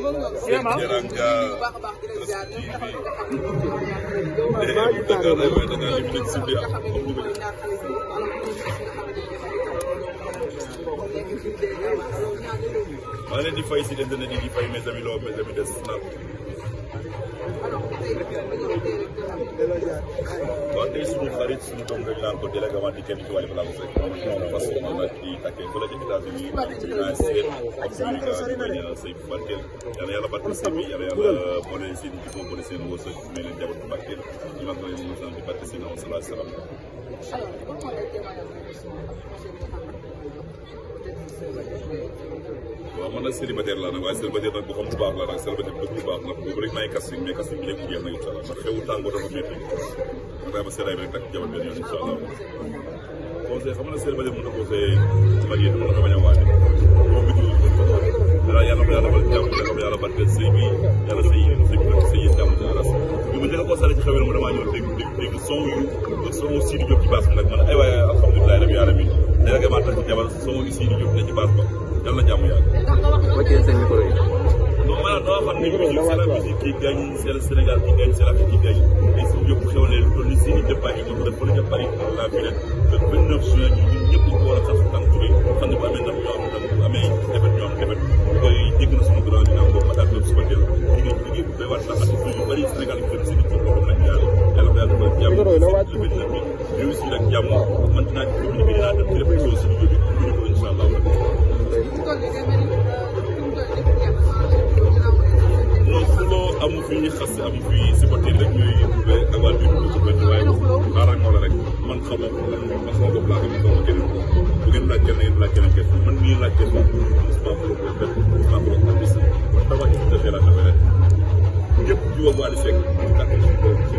vraiment maa leen di fay si des dana di fay mes amis loo mes amis des waaw tey suñu xarit suñu doom dañu naan ko délégué waat di kenn ci wàllu balaa Seck parce que moom nag di tàkkee fële ca États-Unis ak seen ak suñu gars say barkeel yal na yàlla barkeel sëy bi yal na yàlla bone seen jikko bone seen wërsëg may leen jabar bu barkeel ñu mag leen mu sant di barke seen awa salaatu salaam waaw man nag célibataire laa nag waaye célibataire nag bu xam bu baax la nag célibataire bu dëgg bu baax nag boobu rek ay casting mais casting bi lépp jeex na incha allah ndax xewu a dafa métti ma bàyyi ma seeraay bi rek takk jabar benn yoon incha allah conseil xam nga ne seer ba mën na conseillé mag yi na bañ a waajal moom bi toujours yàlla yàlla yàlla ba jàmm yàlla yàlla barkeel sëy bi yàlla sëy sëy yi jàmm ci aras bi ma njëkk a constaté ci xew yi mu damaa ñëw dégg dégg dégg son yu ak son aussi di jóg ci baas bi nag man ay waaye alhamdulilah rabbi alamin léegi maa tax ci jabar son aussi di jóg ne ci baas ba yàlla jàmm xanaa doo xam ne Sénégal bi gagne Sénégal bi gagne c'est l'Afrique qui gagne et suñu yëpp xew ne lu toll ni seen i départ yi ñu def fële ca Paris la finale le 29 juin ñu ñun ñëpp ñu ko war a sax tànk xam ne bu amee ndam ñoo am ndam bu amee defet ñoo am defet bu koy dégg na suñu grand bi naan boo xalaat loolu suba teel ñu ngi liggéey bu bay waat sax ak yu bëri Sénégal bi gën si ci borom lañ yàlla yàlla ko yàlla defal jàmm le 29 bi réew si nag jàmm man dinaa ci communiqué dinaa dem ci réflexion si liggéey bi ñu ko incha allah amu fi xas amu fi si bët yi rek ñuy trouvé aventure bi ci benn waaye xaaral nga rek man xaw ma ko lan moo tax sama laa ko xaw ma keneen ngeen laaj keneen yéen laaj keneen keneen man mii laaj keneen mosuma ko ko def mosuma ko ko gis man dama ci fekk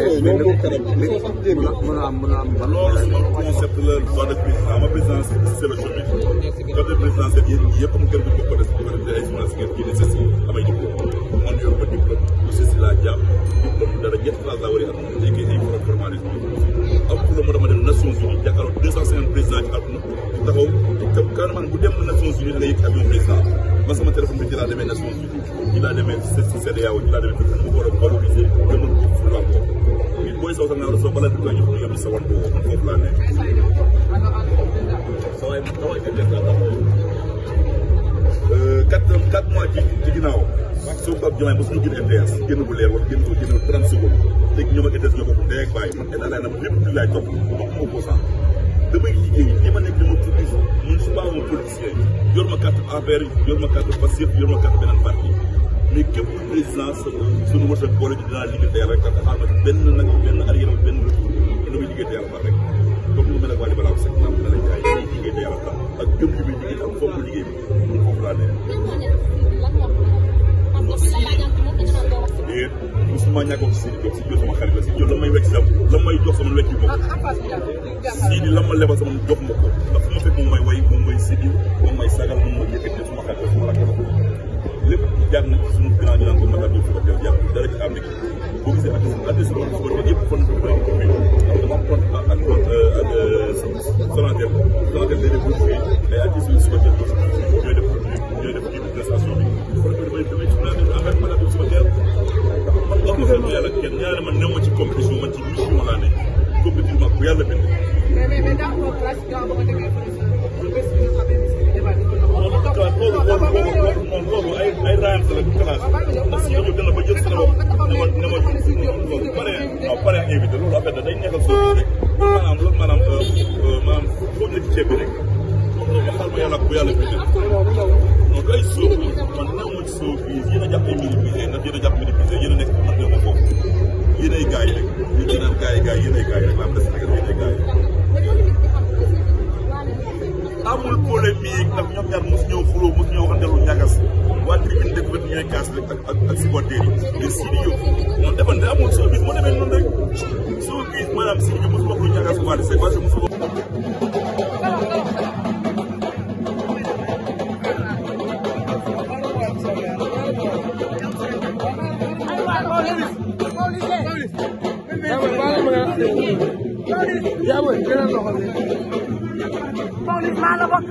concept la voie de président ma présidence c'est le chemin côté présidentiel yéen yëpp mu gën di ko def ko def ay journalistes ngeen kii ne c'est si amay diplôme man yor ma diplôme monsieur si laa jàpp diplôme dara ñetti classe laa war a am léegi ay borom formalisme am diplôme ma dama dem Nations Unies jàkkaarloo deux cent cinquante président ci àdduna di taxaw di carrément bu dem Nations Unies lay yëg avion président man sama téléphone bi ci laa demee Nations Unies ci laa demee CEDEAO ci laa demee ko war a valoriser dama ko fulal ko booy saw sangam so bala dugg ñu ñu sa wan ko man foofu laa nekk so ay dama ci def la euh quatre quatre mois ginnaaw soo ko ab jumaay ba suñu génn MDS génn bu leer wax génn ko génn 30 secondes te ñoom ak des ñoo ko dee ak bàyyi man état laa nag lépp di laay topp ma ko sant ma nekk ni ma tuddi mun su baaxoo politicien yor ma carte affaire yor ma mais képp ku président sunu wërsëg boole ji dinaa liggéey teel rek dafa xaaral benn nag benn arrière benn retour dina ko liggéey teel rek comme ni mu mel ak waa Libalaaw Seck naam dana jaay liggéey teel ak gëm bi ñu ngi am foog liggéey bi ñu foofu laa ne. déet a si jox si jox sama xarit la si jox la may wekk si la may jox sama wekk ma ko. sii la ma lebal sama ma ko ndax fekk moom may way moom may sidi moom may sagal moom may yëkkati jaar na ci suñu plan ñu naan ko Matar Diop suba teel jàpp dara ci am na ci boo gisee at yii at yii suba teel yëpp fon ko bàyyi ko fii dafa am kon ak ak euh, Sonatel Sonatel day def fii mais at yii suñu suba teel ñooy def ñooy def kii bi prestation bi kon damay damay ci plan def avec Matar Diop suba teel wax nga ko yàlla kenn ñaare man néew ma ci compétition man ci mission laa ne compétition ma ku yàlla bind mais mais mais daa ko classe daa ko déggee loolu loolu ay ay raayam sa la du classe parce que dañu dala ba jël sama bopp ne ma ne ma loolu pare waaw pare ak invité loolu affaire da day nekkal soo rek maanaam loolu maanaam euh, euh, maanaam foo nekk ci ceeb bi rek nga xaar ma yàlla bu yàlla bi non du ay suuf man naa ma suuf yi yéen a jàpp ay minimisé ndax yéen a jàpp minimisé yéen a nekk man ne ma foofu yéen ay gars yi rek ñu gën a gars yi gars yi yéen ay gars yi rek la am des Sénégal yéen ay gars yi amul polémique ndax ñoom ñaar mos ñëw xuloo mos ñëw andelu ñagas waa tribune dëkk bët ñooy kaas rek ak ak supporters yi mais Sidi Diop moom defante amul soo gis mu maanaam Sidi Diop mosul wax lu ñagas waa c'est parce que mosul wax Ya, güey, quédalo, arrondissement la bokk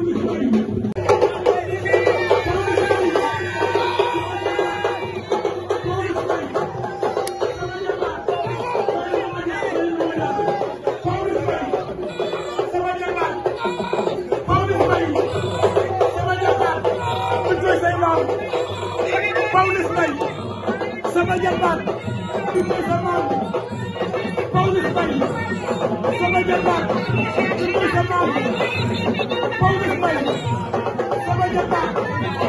Paulus Mbaye sama jàmbaar sama jàmbaar mooy sa maam Pawlish Mbaye sama jàmbaar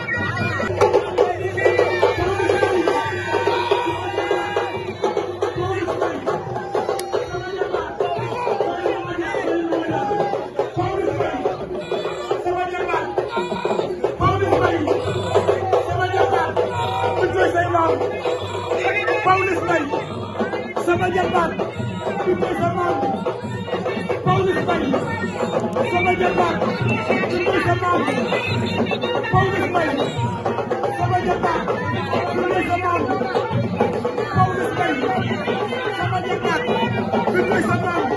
sama jàmbaar mooy sama maam Pawlish Mbaye sama jàmbaar mooy sama maam Pawlish Mbaye sama jàmbaar mooy sama maam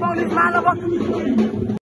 Paulis maa la ko